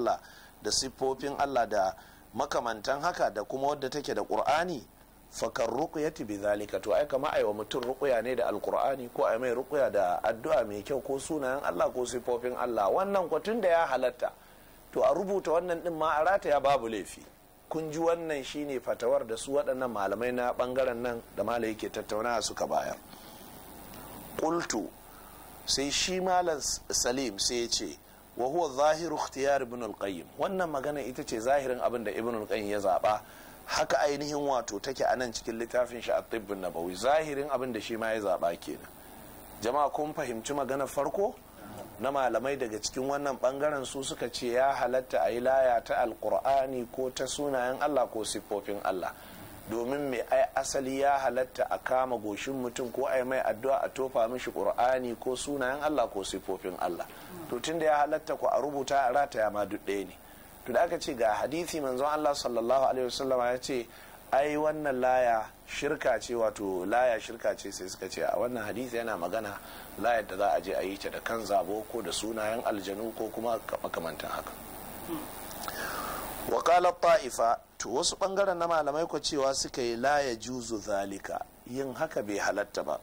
Allah da siffofin Allah da makamantan haka da kuma wadda take da ƙur'ani fakar ruqyati bi zalika to ai kama aiwa mutum rukuya ne da alkur'ani ko ai mai rukuya da addu'a mai kyau ko sunayen Allah ko siffofin Allah wannan kwatun da ya halatta to a rubuta wannan din ma a rata ya babu laifi kun ji wannan shine fatawar da su waɗannan malamai na bangaren nan da malai yake tattaunawa suka bayar ƙultu sai shi malam salim sai ya ce wa huwa zahiru ikhtiyar ibn al-qayyim wannan magana ita ce zahirin abin da ibn al-qayyim ya zaba haka ainihin wato take anan cikin littafin shi at-tibb an-nabawi zahirin abin da shi ma ya zaba kenan jama'a kun fahimci magana farko na malamai daga cikin wannan bangaren su suka ce ya halatta a yi laya ta alkur'ani ko ta sunayen allah ko siffofin allah domin mai ai asali ya halatta a kama goshin mutum ko a yi mai addu'a a tofa mishi qur'ani ko sunayen Allah ko sifofin Allah to tunda ya halatta ku a rubuta a rataya ma duk ɗaya ne to da aka ce ga hadisi manzon Allah sallallahu alaihi wasallam ya ce ai wannan laya shirka ce wato laya shirka ce sai suka ce a wannan hadisi yana magana layar da za a je a yi ta da kan zabo ko da sunayen aljanu ko kuma makamantan haka hmm. wa qala to wasu ɓangaren na malamai ko cewa suka yi laya juzu zalika yin haka bai halatta ba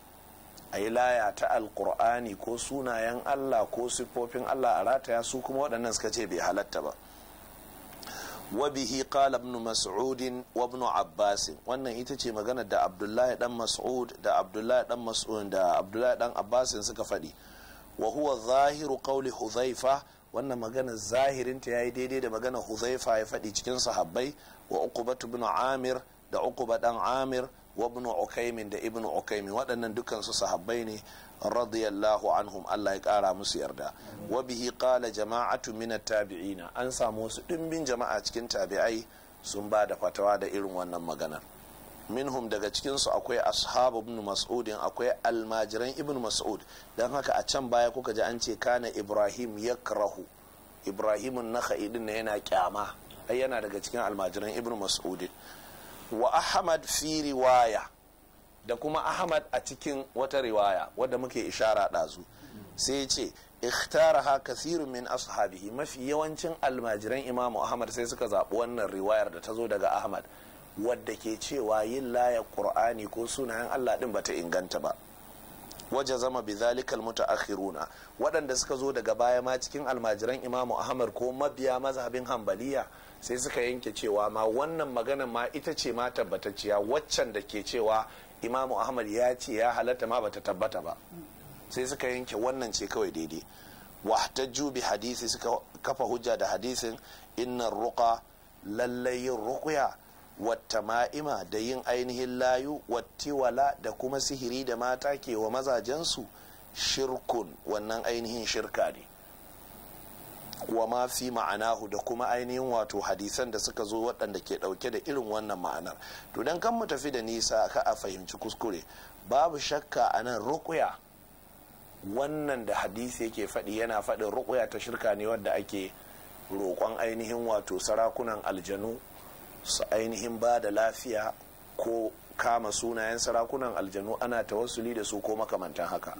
a yi laya ta alkur'ani ko sunayen allah ko siffofin allah a rataya su kuma waɗannan suka ce bai halatta ba wabihi qala ibn mas'ud wa ibn abbas wannan ita ce maganar da abdullahi dan mas'ud da abdullahi dan mas'ud da abdullahi dan abbas suka faɗi wa huwa zahiru qawli huzaifa wannan magana zahirinta ya yi daidai da magana huzaifa ya faɗi cikin sahabbai wa ukubatu bin amir da ukuba dan amir wa bin ukaimin da ibn ukaimin waɗannan dukkan su sahabbai ne radiyallahu anhum Allah ya kara musu yarda wa bihi qala jama'atu min tabiina an samu su dimbin jama'a cikin tabi'ai sun ba da fatawa da irin wannan magana minhum daga cikinsu akwai ashabu ibn mas'udin akwai almajiran ibn mas'ud Dan haka a can baya kuka ji an ce kana ibrahim yakrahu ibrahimun nakha'i din yana kyama ai yana daga cikin almajiran ibn mas'ud wa ahmad fi riwaya da kuma ahmad a cikin wata riwaya wadda muke ishara ɗazu sai ya ce ikhtaraha kathirun min ashabihi mafi yawancin almajiran imamu ahmad sai suka zaɓi wannan riwayar da ta zo daga ahmad wadda ke cewa yin layar qur'ani ko sunayen allah ɗin bata inganta ba waje zama bi zalikal mutaakhiruna waɗanda suka zo daga baya ma cikin almajiran imamu ahmad ko mabiya mazhabin hambaliya sai suka yanke cewa ma wannan magana ma ita ce ma tabbatacciya waccan da ke cewa imamu ahmad ya ce ya halatta ma bata tabbata ba sai suka yanke wannan ce kawai daidai wahtajju bi hadisi suka kafa hujja da hadisin innan ruqa lallai yin ruqya wata ma'ima da yin ainihin layu wattiwala da kuma sihiri da mata ke wa mazajensu shirkun wannan ainihin shirka ne wa ma fi ma'anahu da kuma ainihin wato hadisan da suka zo waɗanda ke ɗauke da irin wannan ma'anar to dan kan mu tafi da nisa ka a fahimci kuskure babu shakka a nan ruƙuya wannan da hadisi yake faɗi yana faɗin ruƙuya ta shirka ne wadda ake roƙon ainihin wato sarakunan aljanu su ainihin ba da lafiya ko kama sunayen sarakunan aljanu ana ta tawassuli da su ko makamantan haka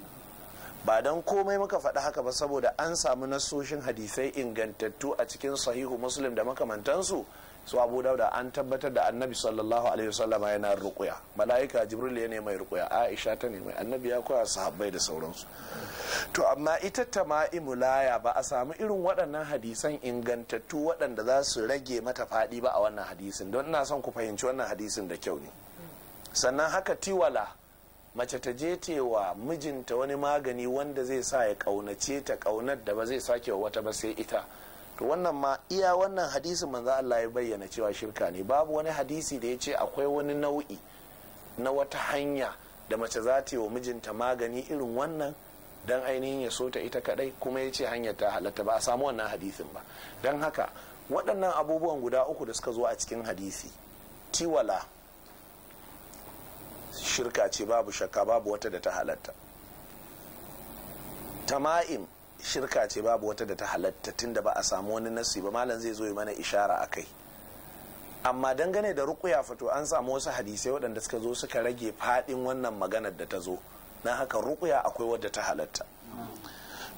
ba don komai muka faɗi haka ba saboda an samu nasoshin hadisai ingantattu a cikin sahihu muslim da makamantansu su abu dauda an tabbatar da annabi sallallahu alaihi wasallama yana rukuya mala'ika jibril ya ne mai rukuya aisha ta ne mai annabi ya koya sahabbai da sauransu to amma ita tama'imu laya ba a samu irin waɗannan hadisan ingantattu waɗanda za su rage mata faɗi ba a wannan hadisin don ina son ku fahimci wannan hadisin da kyau ne sannan haka tiwala mace ta je wa mijinta wani magani wanda zai sa ya kaunace ta kaunar da ba zai sake wa wata ba sai ita to wannan ma iya wannan hadisin manzo Allah ya bayyana cewa shirka ne babu wani hadisi da ya ce akwai wani nau'i na wata hanya da mace za ta yi wa mijinta magani irin wannan dan ainihin ya so ta ita kadai kuma ya ce hanyar ta halatta ba a samu wannan hadisin ba don haka waɗannan abubuwan guda uku da suka zo a cikin hadisi tiwala shirka ce babu shakka babu wata da ta halatta tama'im shirka ce babu wata da ta halatta tunda ba a samu wani nasi ba malam zai zo yi mana ishara a kai amma dangane da rukuya fato an samu wasu hadisai waɗanda suka zo suka rage faɗin wannan maganar da ta zo na haka rukuya akwai wadda ta halatta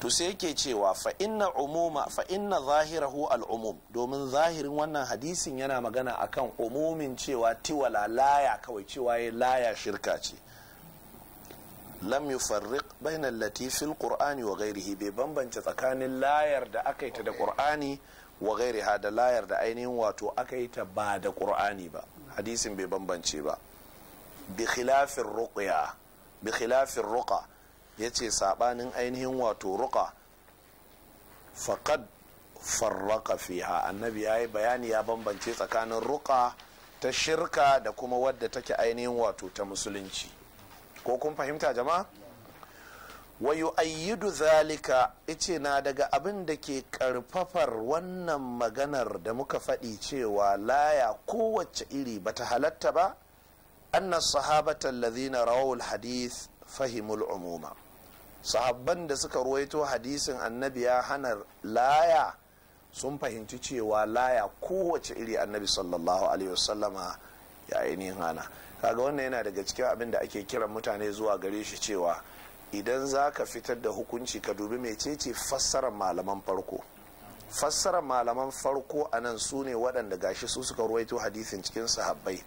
to sai yake cewa fa inna umuma fa inna zahirahu al-umum domin zahirin wannan hadisin yana magana akan umumin cewa tiwala laya kawai cewa ya laya shirka ce lam yufarriq bayna allati fil qur'ani wa bai bambance tsakanin layar da aka yi ta da qur'ani wa ghairiha da layar da ainihin wato aka yi ta ba da qur'ani ba hadisin bai bambance ba bi khilafin ruqya bi khilafin ya ce saɓanin ainihin wato ruƙa faƙad farraka fiha annabi ya yi bayani ya bambance tsakanin ruƙa ta shirka da kuma wadda take ainihin wato ta musulunci ko kun fahimta jama'a wayu ayyudu zalika ice na daga abin da ke karfafar wannan maganar da muka faɗi cewa laya kowace iri bata halatta ba anna sahabatan lazina rawul hadith fahimul umuma sahabban da suka ruwaito hadisin annabi ya hana laya sun fahimci cewa laya kowace iri annabi sallallahu alaihi wasallama ya ainihin hana kaga wannan yana daga cikin abin da ake kiran mutane zuwa gare shi cewa idan za ka fitar da hukunci ka dubi mecece fassarar malaman farko fassarar malaman farko a nan su ne waɗanda gashi su suka ruwaito hadisin cikin sahabbai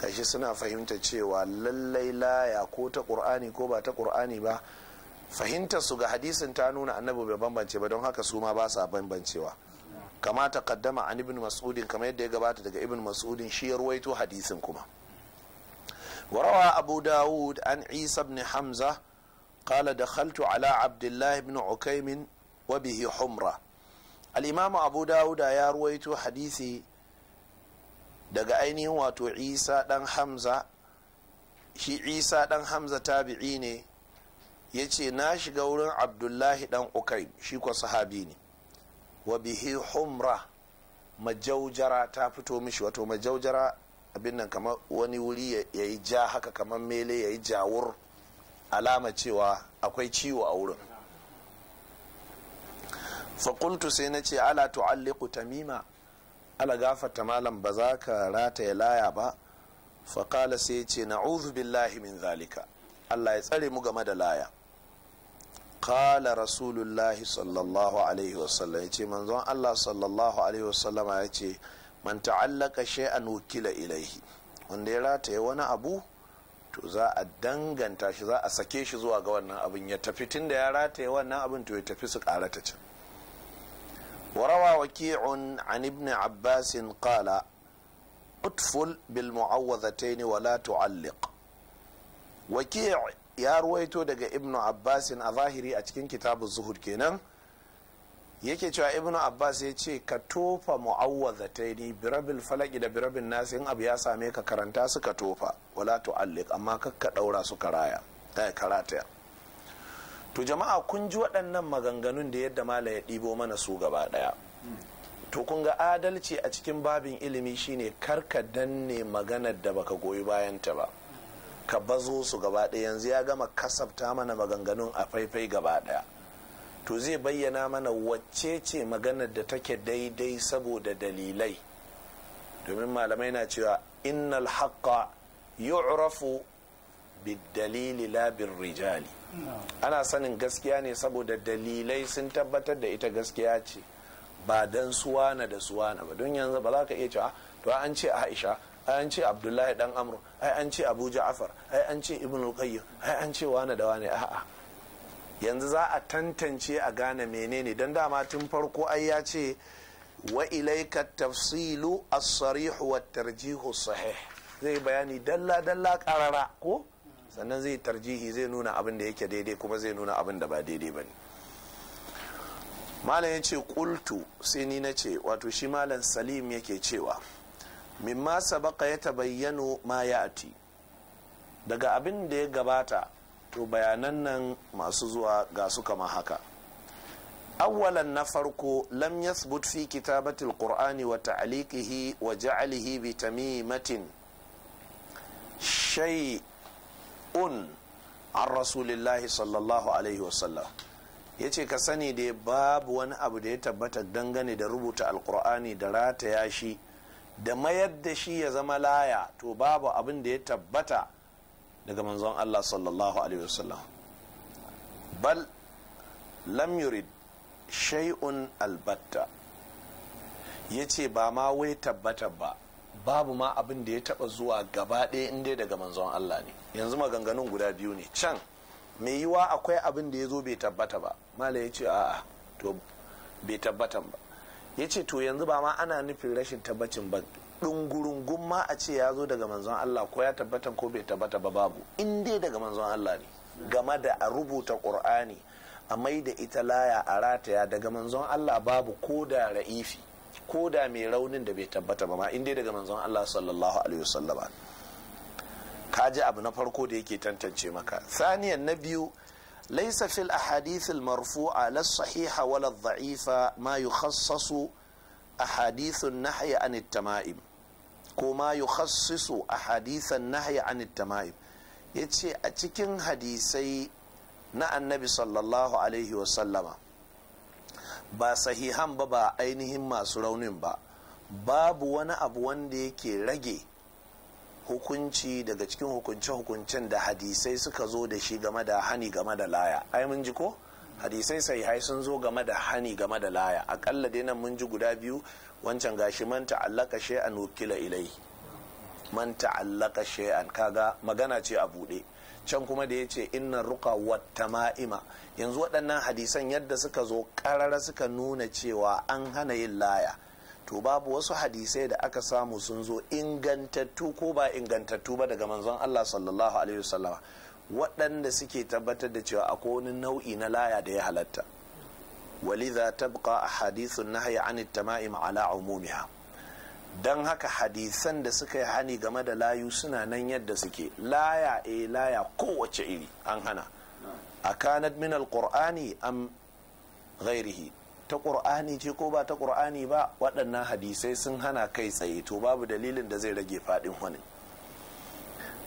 gashi suna fahimta cewa lallai laya ko ta ƙur'ani ko ba ta ƙur'ani ba fahimta su ga hadisin ta nuna annabi bai bambance ba don haka su ma ba sa bambancewa kama ta kaddama an ibn mas'udin kamar yadda ya gabata daga ibn mas'udin shi ya ruwaito hadisin kuma warawa abu dawud an isa ibn hamza kala دخلت على عبد الله بن عكيم وبه حمرة الإمام أبو داود يا رويت حديثي daga ainihin wato isa dan hamza shi isa dan hamza tabi'i ne ya ce na shiga wurin abdullahi dan ukai shi kwa sahabi ne wa bihi humra majaujara ta fito mishi wato majaujara abin nan kamar wani wuri ya yi ja haka kamar mele ya yi jawur alama cewa akwai ciwo a wurin fa sai na ce ala tu'alliqu tamima ala gafarta malam ba za ka rataya laya ba faƙala sai ce na'udhu billahi min zalika allah ya tsare mu game da laya kala rasulullahi sallallahu alaihi wasallam ya ce manzon allah sallallahu alaihi wasallama ya ce man ta'allaka shay'an wukila ilaihi wanda ya rataye wani abu to za a danganta shi za a sake shi zuwa ga wannan abin ya tafi tun da ya rataye wannan abin to ya tafi su karata can وروى وكيع عن ابن عباس قال اطفل بالمعوذتين ولا تعلق وكيع ya ruwaito daga ibnu abbasin a zahiri a cikin kitabun zuhud kenan yake cewa ibnu abbas ya ce ka tofa mu'awwazataini birabil falaki da birabil nas in abu ya same ka karanta su ka tofa wala tu'alliq amma kakka daura su karaya karata to jama'a kun ji waɗannan maganganun da yadda mala ya ɗibo mana su gaba ɗaya to kun ga adalci a cikin babin ilimi shine karka danne maganar da baka goyi bayanta ba ka bazo su gaba ɗaya yanzu ya gama kasafta mana maganganun a faifai gaba ɗaya to zai bayyana mana wacce ce maganar da take daidai saboda dalilai domin malamai na cewa innal haqqa yu'rafu bid dalili la rijali ana sanin gaskiya ne saboda dalilai sun tabbatar da ita gaskiya ce ba dan suwana da suwana ba don yanzu ba za ka iya cewa to an ce aisha ai an ce abdullahi dan amru ai an ce abu ja'afar ai an ce ibnu qayyim ai an ce wane da wane a'a yanzu za a tantance a gane menene dan dama tun farko ai ya ce wa ilayka tafsilu as-sarih wa tarjihu sahih zai bayani dalla dalla karara ko sannan zai tarjihi zai nuna abin da yake daidai kuma zai nuna abin da ba daidai ba ne malam ya ce kultu sai ni na ce wato shi malam salim yake cewa mimma sabaka ya tabayyano ma ya ati daga abin da ya gabata to bayanan nan masu zuwa ga su kama haka awwalan na farko lam yasbut fi kitabatil qur'ani wa ta'liqihi wa ja'alihi bi tamimatin shay un an rasulillahi sallallahu alaihi wasallam ya ce ka sani da babu wani abu da ya tabbata dangane da rubuta alkur'ani da rataya shi da mayar da shi ya zama laya to babu abin da ya tabbata daga manzon Allah sallallahu alaihi wasallam bal lam yurid shay'un albatta ya ce ba ma wai tabbatar ba babu ma abin da ya taba zuwa gaba ɗaya in dai daga manzon Allah ne yanzu maganganun guda biyu ne can mai yiwa akwai abin da ya zo bai tabbata ba mala ya ce a'a to bai tabbatan ba ya ce to yanzu ba ma ana nufin rashin tabbacin ba ɗungurin ma a ce ya zo daga manzon Allah ko ya tabbatan ko bai tabbata ba babu in dai daga manzon Allah ne game da a rubuta ƙur'ani a mai da ita laya a rataya daga manzon Allah babu ko da ra'ifi ko da mai raunin da bai tabbata ba ma inda daga manzon Allah sallallahu alaihi wasallama ka ji abu na farko da yake tantance maka saniyan na biyu laisa fil ahadith al marfu'a la sahiha wala dha'ifa ma yukhassasu ahadith an nahy an at tama'im ko ma yukhassasu ahadith an nahy an at tama'im yace a cikin hadisai na annabi sallallahu alaihi wasallama ba sahihan ba ba ainihin masu raunin ba babu wani abu wanda yake rage hukunci daga cikin hukunce-hukuncen da hadisai suka zo da shi game da hani game da laya ai mun ji ko hadisai sahihai sun zo game da hani game da laya akalla dai nan mun ji guda biyu wancan gashi man ta'allaka shay'an wukila ilai man ta'allaka shay'an kaga magana ce a bude. can kuma da ya ce inna ruka wata ma'ima yanzu waɗannan hadisan yadda suka zo ƙarara suka nuna cewa an hana yin laya to babu wasu hadisai da aka samu sun zo ingantattu ko ba ingantattu ba daga manzon Allah sallallahu alaihi wasallama waɗanda suke tabbatar da cewa akwai wani nau'i na laya da ya halatta ولذا تبقى a النهي عن التمائم ala umumiha don haka hadisan da suka yi hani game da layu suna nan yadda suke laya e laya kowace iri an hana a kanad min alqur'ani am ghairihi ta ƙur'ani ce ko ba ta ƙur'ani ba waɗannan hadisai sun hana kai tsaye to babu dalilin da zai rage faɗin wani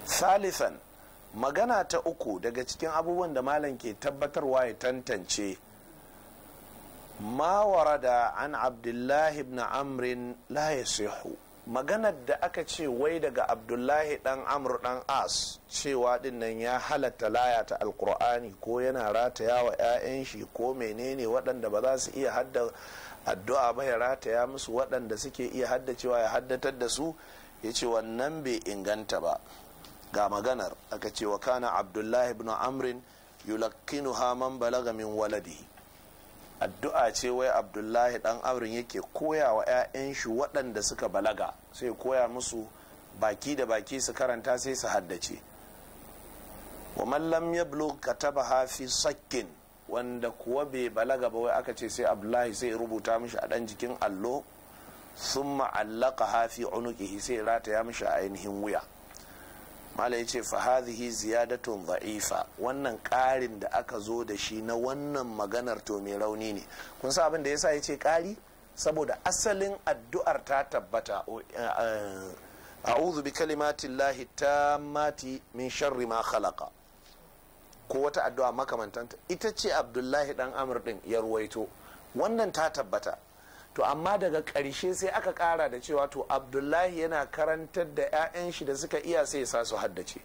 salisan magana ta uku daga cikin abubuwan da malam ke tabbatarwa ya tantance ma an abdullahi na amrin la maganar da aka ce wai daga abdullahi dan Amur dan as cewa dinnan ya halatta laya ta alkur'ani ko yana rataya wa 'ya'yan shi ko menene waɗanda ba za su iya hadda addu'a ba ya rataya musu waɗanda suke iya haddacewa ya haddatar da su ya ce wannan bai inganta ba ga maganar aka ce wa kana abdullahi ibn amrin ha man balaga min waladihi addu'a ce wai abdullahi dan auren yake koya wa 'ya'yan shi waɗanda suka balaga sai koya musu baki da baki su karanta sai su haddace wa mallam ya kataba hafi sakin wanda kuwa bai balaga ba wai aka ce sai abdullahi sai rubuta mishi a ɗan jikin allo sun ma'allaka hafi unukihi sai rataya mishi a ainihin wuya mala ya ce fahadhihi ziyadatun za'ifa wannan ƙarin da aka zo da shi na wannan maganar to mai rauni ne kun sa abin da yasa ya ce ƙari saboda asalin addu'ar ta tabbata eh, eh, a'udhu bi ta mati min sharri ma khalaqa ko wata addu'a makamantanta ita ce abdullahi dan amr din ya ruwaito wannan ta tabbata to amma daga ƙarshe sai aka ƙara da cewa to abdullahi yana karantar da 'ya'yan shi da suka iya sai sa su haddace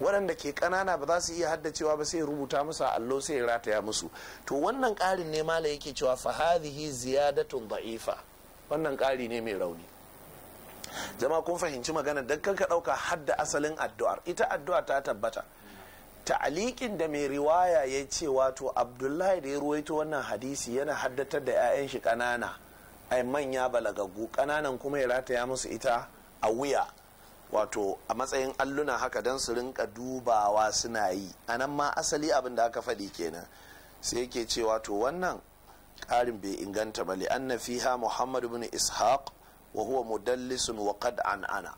waɗanda ke ƙanana ba za su iya haddacewa ba sai rubuta musu a allo sai rataya musu to wannan ƙarin ne mala yake cewa fa ziyadatun da'ifa wannan ƙari ne mai rauni jama'a kun fahimci magana dan kanka ɗauka hadda asalin addu'ar ita addu'a ta tabbata Ta'alikin da mai riwaya ya ce wato abdullahi da ya ruwaito wannan hadisi yana haddatar da 'ya'yan shi ƙanana ai manya balagagu ƙananan kuma ya rataya musu ita a wuya wato a matsayin alluna haka don su rinka dubawa suna yi a nan ma asali abin da aka faɗi kenan sai yake ce wato wannan ƙarin bai inganta ba li'anna fiha muhammad ibn ishaq wa huwa mudallisun wa an ana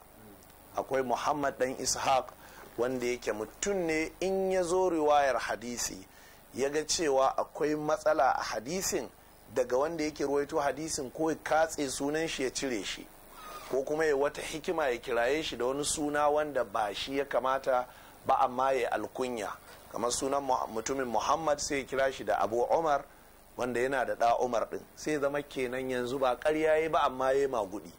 akwai muhammad dan ishaq wanda yake mutum ne in ya zo riwayar hadisi ya ga cewa akwai matsala a hadisin daga wanda yake ruwaito hadisin ko ya katse sunan shi ya cire shi ko kuma ya wata hikima ya kiraye shi da wani suna wanda ba shi ya kamata ba amma ya alkunya kamar sunan mutumin muhammad sai ya kira shi da abu umar wanda yana da da umar din sai zama kenan yanzu ba karya ba amma ya magudi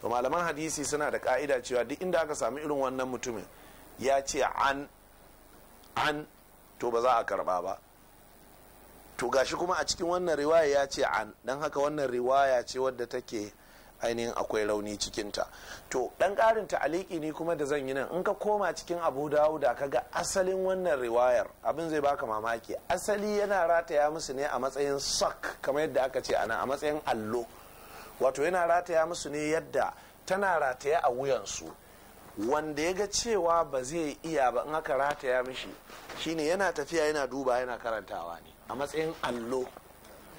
to malaman hadisi suna da ka'ida cewa duk inda aka samu irin wannan mutumin ya ce an an to ba za a karba ba to gashi kuma a cikin wannan riwaya ya ce an don haka wannan riwaya ce wadda take ainihin akwai rauni cikinta to dan karin ta'aliki ne kuma da zan yi nan in ka koma cikin abu dauda ka ga asalin wannan riwayar abin zai baka mamaki asali yana rataya musu ne a matsayin sak kamar yadda aka ce ana a matsayin allo wato yana rataya musu ne yadda tana rataya a wuyansu wanda ya ga cewa ba zai iya ba in aka rataya mishi ne yana tafiya yana duba yana karantawa ne a matsayin allo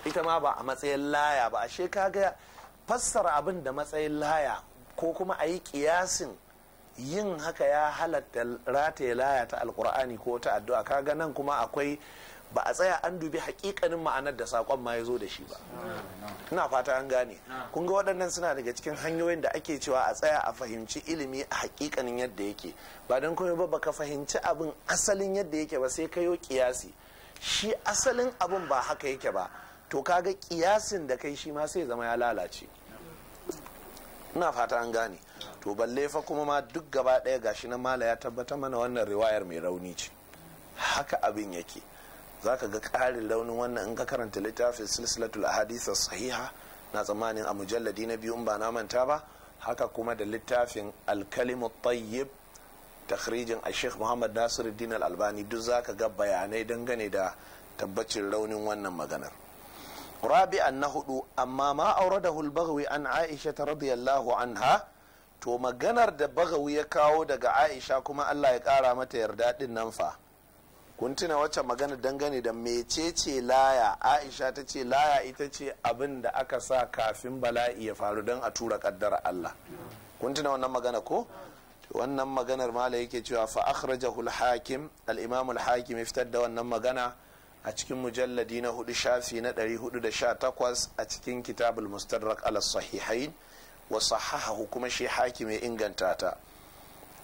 ita ma ba a matsayin laya ba ashe kaga fassara abin da matsayin laya ko kuma a yi kiyasin yin haka ya halatta rataya laya ta alkur'ani ko ta addu'a kaga nan kuma akwai ba a tsaya an dubi hakikanin ma'anar da sakon ma ya zo da shi ba ina fata an gane kun ga waɗannan suna daga cikin hanyoyin da ake cewa a tsaya a fahimci ilimi a hakikanin yadda yake ba don kuma ba baka fahimci abin asalin yadda yake ba sai ka yi kiyasi shi asalin abin ba haka yake ba to kaga kiyasin da kai shi ma sai zama ya lalace ina fata an gane to balle fa kuma ma duk gaba ɗaya gashi na mala ya tabbata mana wannan riwayar mai rauni ce haka abin yake za ka ga ƙarin launin wannan in ka karanta littafin silsilatul ahadisa sahiha na tsammanin a mujalladi na biyu ba na manta ba haka kuma da littafin alkalimu tayyib takhrijin a sheikh muhammad nasiruddin al-albani duk za ka ga bayanai dangane da tabbacin raunin wannan maganar rabi'an na hudu amma ma aure da an aisha ta radiyallahu anha to maganar da bagawi ya kawo daga aisha kuma Allah ya kara mata yarda din nan fa kun tuna wacce magana dangane da mecece laya aisha ta ce laya ita ce abin da aka sa kafin bala'i ya faru don a tura kaddara allah kun tuna wannan magana ko wannan maganar mala yake cewa fa akhrajahu al-hakim al-imam al-hakim fitar da wannan magana a cikin mujalladi na hudu shafi na 418 a cikin kitabul mustadrak ala sahihain wa sahahahu kuma shi hakim ya inganta ta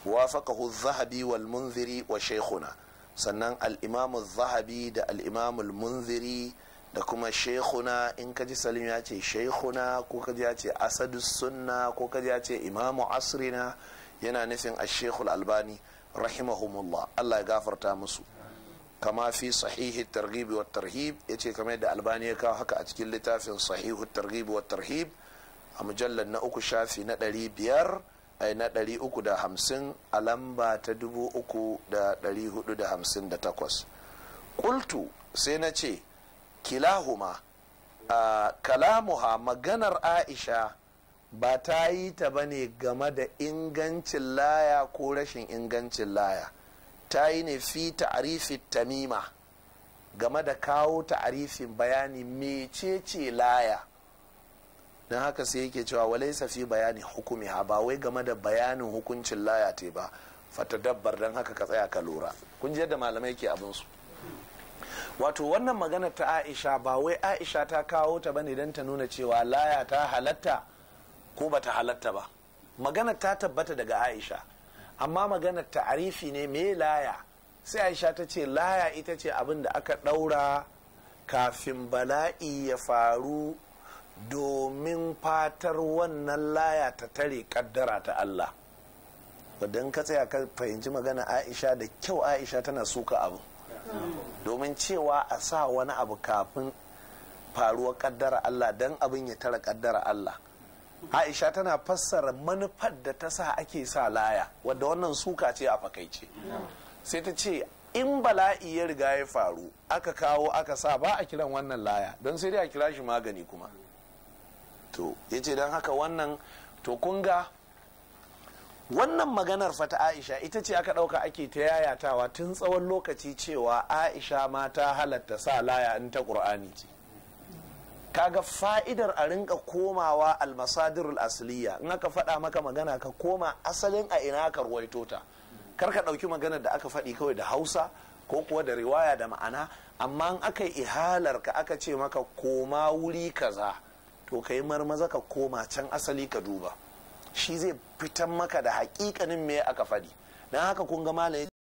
wafaqahu adh-dhahabi wal munziri wa shaykhuna sannan al'imamu zahabi da al'imamul munziri da kuma shekuna in ka ji salim ya ce shekuna ko ji ya ce asadu sunna ko ji ya ce imamu asrina yana nufin a shekul albani rahimahumullah allah ya gafarta musu kama fi sahihi targhib wa tarhib ce kamar yadda albani ya kawo haka a cikin littafin sahihu targhib wa tarhib a mujallar na uku shafi na ɗari biyar na 350 a lamba ta 3458 kultu sai na ce kilahuma a kalamuha maganar aisha ba ta yi ta ba ne game da ingancin laya ko rashin ingancin laya ta yi ne fi ta'arifin tamima game da kawo ta'arifin bayani mecece laya don haka sai yake cewa walai safi bayani hukumi ha ba wai game da bayanin hukuncin laya te ba fata dabbar don haka ka tsaya ka lura kun ji yadda malamai ke abin su wato wannan magana ta aisha ba wai aisha ta kawo ta bane don ta nuna cewa laya ta halatta ko bata halatta ba magana ta tabbata daga aisha amma magana ta'arifi ne me laya sai aisha ta ce laya ita ce abin da aka ɗaura kafin bala'i ya faru domin fatar wannan laya ta tare kaddara ta Allah wadda ka tsaya ka fahimci magana aisha da kyau aisha tana suka abu domin cewa a sa wani abu kafin faruwar kaddara Allah don abin ya tara kaddara Allah aisha tana fassara manufar da ta sa ake sa laya wadda wannan suka ce a fakaice sai ta ce in bala'i ya riga ya faru aka kawo aka sa ba a kiran wannan laya don sai dai a kira shi magani kuma to ya ce don haka wannan to kun ga wannan maganar fata aisha ita ce aka ɗauka ake ta yayatawa tun tsawon lokaci cewa aisha ma ta halatta sa laya in ta ƙur'ani ce kaga fa'idar a rinka komawa almasadirul asliya in aka faɗa maka magana ka koma asalin a ina ka ruwaito ta kar ka ɗauki maganar da aka faɗi kawai da hausa ko kuwa da riwaya da ma'ana amma in aka yi ihalar ka aka ce maka koma wuri kaza to ka yi marmaza ka koma can asali ka duba shi zai fitan maka da hakikanin me aka fadi don haka kun ga malam